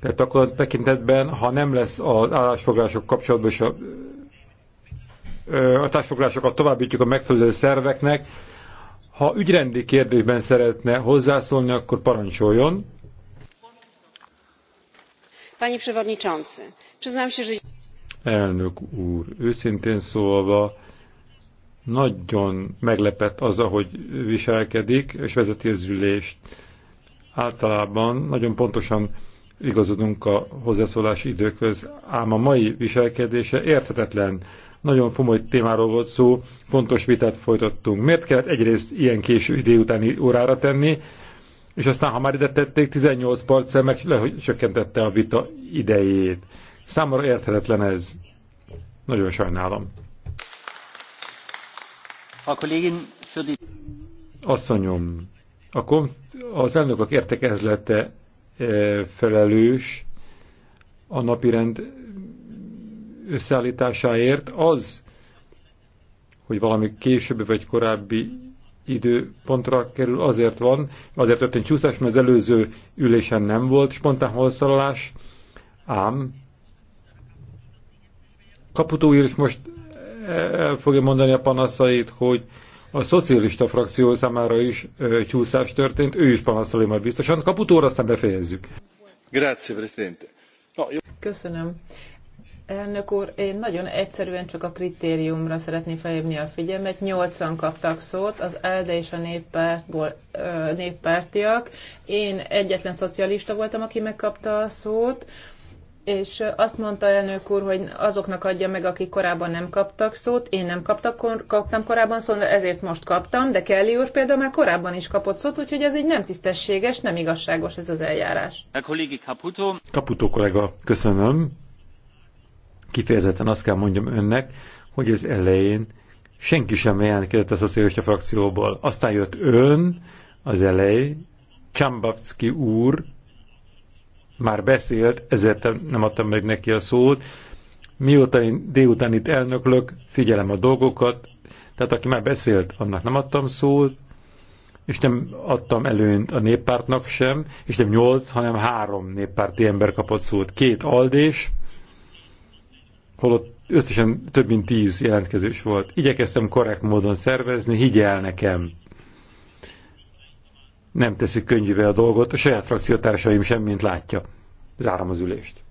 Tehát akkor a tekintetben, ha nem lesz az állásfoglások kapcsolatban és a, a társfoglalásokat továbbítjuk a megfelelő szerveknek, ha ügyrendi kérdésben szeretne hozzászólni, akkor parancsoljon. Pani Przewodniczący, przyznam się, że... Elnök úr, őszintén szólva, nagyon meglepett az, ahogy viselkedik, és vezeti az ülést. Általában nagyon pontosan igazodunk a hozzászólási időköz, ám a mai viselkedése érthetetlen. Nagyon fomoly témáról volt szó, fontos vitát folytattunk. Miért kellett egyrészt ilyen késő idő utáni órára tenni, és aztán, ha már ide tették, 18 parccel meg lecsökkentette a vita idejét. Számomra érthetetlen ez. Nagyon sajnálom. A kollégin Asszonyom, a az elnökök értekezlete felelős a napirend összeállításáért, az, hogy valami későbbi vagy korábbi időpontra kerül, azért van, azért történt csúszás, mert az előző ülésen nem volt spontán hozzászólalás, ám Kaputó írt most el fogja mondani a panaszait, hogy a szocialista frakció számára is ö, csúszás történt, ő is panaszolja majd biztosan. Kaputóra aztán befejezzük. Grazie, Presidente. No, jó. Köszönöm. Elnök úr, én nagyon egyszerűen csak a kritériumra szeretném felhívni a figyelmet. Nyolcan kaptak szót, az ELDE és a néppártból, néppártiak. Én egyetlen szocialista voltam, aki megkapta a szót és azt mondta elnök úr, hogy azoknak adja meg, akik korábban nem kaptak szót. Én nem kaptak, kaptam korábban szót, ezért most kaptam, de Kelly úr például már korábban is kapott szót, úgyhogy ez így nem tisztességes, nem igazságos ez az eljárás. A kollégi Caputo. Caputo kollega, köszönöm. Kifejezetten azt kell mondjam önnek, hogy az elején senki sem jelentkezett a szocialista frakcióból. Aztán jött ön, az elej, Csambavcki úr, már beszélt, ezért nem adtam meg neki a szót. Mióta én délután itt elnöklök, figyelem a dolgokat, tehát aki már beszélt, annak nem adtam szót, és nem adtam előnyt a néppártnak sem, és nem nyolc, hanem három néppárti ember kapott szót. Két aldés, holott összesen több mint tíz jelentkezés volt. Igyekeztem korrekt módon szervezni, higgyel nekem nem teszik könnyűvé a dolgot, a saját frakciótársaim mint látja. Zárom az ülést.